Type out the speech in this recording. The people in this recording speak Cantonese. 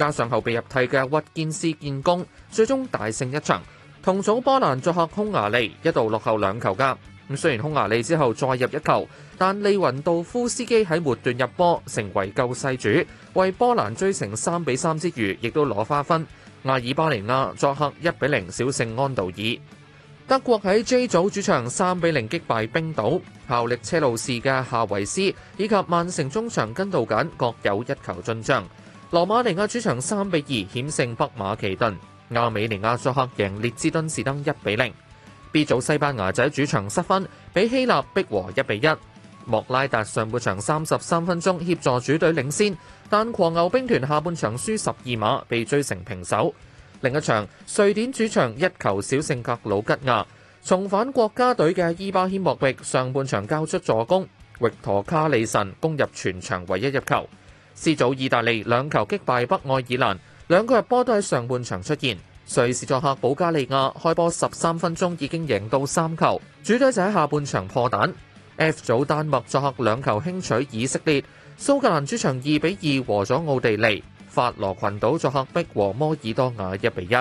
加上後備入替嘅屈堅斯建功，最終大勝一場。同組波蘭作客匈牙利一度落後兩球加，咁雖然匈牙利之後再入一球，但利雲度夫斯基喺末段入波，成為救世主，為波蘭追成三比三之餘，亦都攞花分。阿爾巴尼亞作客一比零小勝安道爾。德國喺 J 組主場三比零擊敗冰島，效力車路士嘅夏維斯以及曼城中場根道簡各有一球進帳。羅馬尼亞主場三比二險勝北馬其頓，亞美尼亞作客贏列支敦士登一比零。B 組西班牙仔主場失分，比希臘逼和一比一。莫拉達上半場三十三分鐘協助主隊領先，但狂牛兵團下半場輸十二碼，被追成平手。另一場瑞典主場一球小勝格魯吉亞，重返國家隊嘅伊巴謙莫域上半場交出助攻，域陀卡里神攻入全場唯一入球。C 組意大利兩球擊敗北愛爾蘭，兩個入波都喺上半場出現。瑞士作客保加利亞，開波十三分鐘已經贏到三球，主隊就喺下半場破蛋。F 組丹麥作客兩球輕取以色列，蘇格蘭主場二比二和咗奧地利，法羅群島作客逼和摩爾多瓦一比一。